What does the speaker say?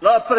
La no,